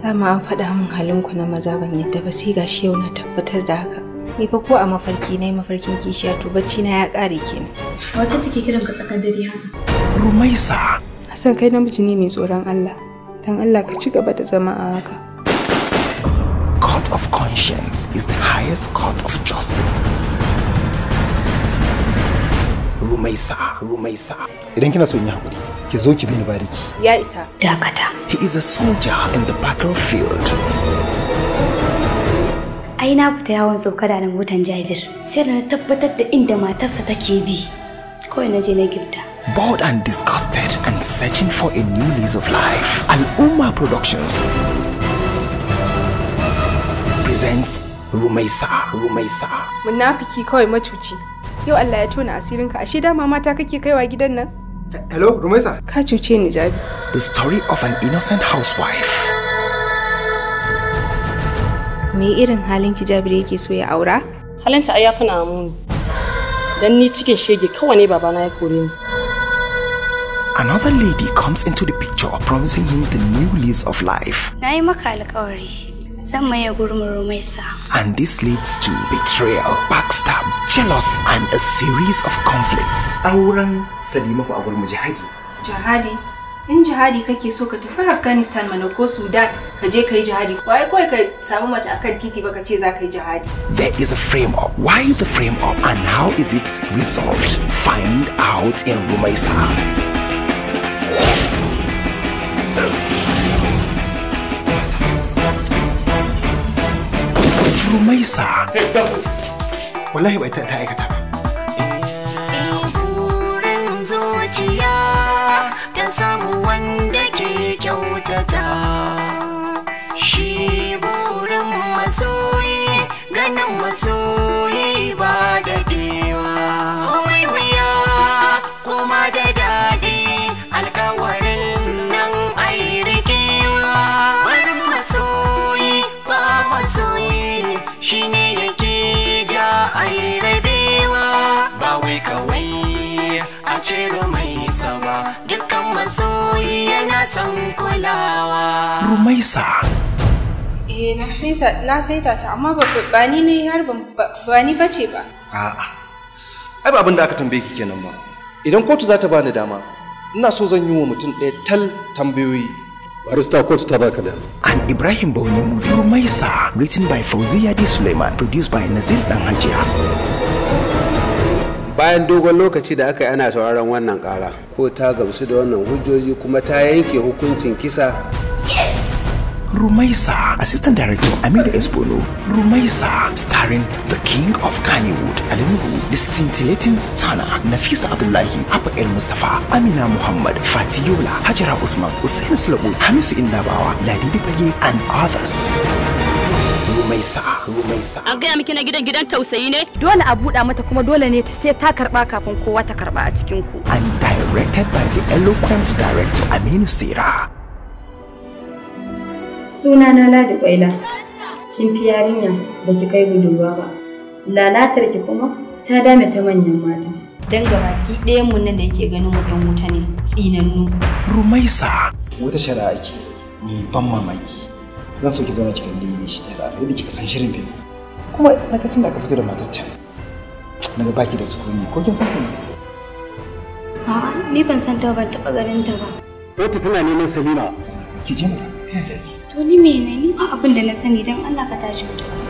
Dama an faɗa min halinku na maza ban yadda ba sai gashi yau na tabbatar da haka. Ni fa ko a mafarki na mafarkin kishiya to bacci na ya ƙare kenan. Wace take kiran ka tsakar dare haka? Rumaisa. A san kai namiji ne mai tsoron Allah. Dan Allah ka ci gaba da zama a haka. Court of conscience is the highest court of justice. Rumaisa, Rumaisa. Idan kina so in yi hakuri, ki zo ki bi bariki. Ya isa. Dakata. He is a soldier in the battlefield. Ai na fita yawon da nan motan Jabir. Sai na tabbatar da inda matarsa take bi. Kawai na je na gifta. Bored and disgusted and searching for a new lease of life, Al'umma Productions presents Rumaisa, Rumaisa. Munafiki kawai macuci. Yau Allah ya tona asirinka ashe dama mata kake kaiwa gidan nan? Hello, Rumaisa. Ka cuce ni Jabi. The story of an innocent housewife. Me irin halin ki Jabi yake so ya aura? Halinta ai yafi na mu Dan ni cikin shege kawai ne babana ya kore ni. Another lady comes into the picture promising him the new lease of life. Na yi maka alkawari. zan maye And this leads to betrayal, backstab, jealous, and a series of conflicts. Auran Salima ko a mo jihadi. Jihadi? In jihadi kake so ka tafi Afghanistan mana ko Sudan ka je ka jihadi. Waye kai ka samu mace akan titi ba ka ce za ka jihadi. There is a frame up. Why the frame up and how is it resolved? Find out in Rumaisa. Lisa. Wallahi bai ita ta aikata ba. ta samu shi burin masoyi ganin masoyi ce ga mai saba dukkan masoyi yana son kulawa rumaisa eh na saita na saita ta amma ba ba ni ne har ba ni bace ba a'a ai ba abin da aka tambaye ki kenan ba idan kotu za ta bani dama ina so zan yi wa mutum ɗaya tal tambayoyi Barista Court ta baka da. An Ibrahim Bauni Movie Rumaisa, written by Fauziya Yadi Suleiman, produced by Nazir Dan Hajiya. bayan dogon lokaci da aka yi ana sauraron wannan kara ko ta gamsu da wannan hujjoji kuma ta yanke hukuncin kisa Rumaisa, Assistant Director Amir Esbolo. Rumaisa, starring the King of Kannywood, Alinubu, the scintillating stunner, Nafisa Abdullahi, Abba El Mustafa, Amina Muhammad, Fatiola, Hajara Usman, Usain Slobu, Hamisu Indabawa, Ladidi Pagi, and others. rumaisa rumaisa an gaya miki na gidan gidan tausayi ne dole a buɗa mata kuma dole ne ta sai ta karba kafin kowa ta karba a cikin ku and directed by the eloquent director Aminu Sira suna na Ladi Kwaila kin fi yarinya da ki kai budurwa ba lalatar ki kuma ta dame ta manyan mata dan gabaki ɗaya mu nan da yake ganin mu ɗan wuta ne tsinannu rumaisa wata shari'a ki ni ban mamaki zan so ki zauna ki kalli shi da rana yadda kika san shirin fim kuma na ka da aka fito da matar na ga baki da sukuni ko kin san ta ne a'a ni ban san ta ban taba ganin ta ba wata tana neman Salima ki je mu kai ta ki to ni menene ba abin da na sani dan Allah ka tashi mutum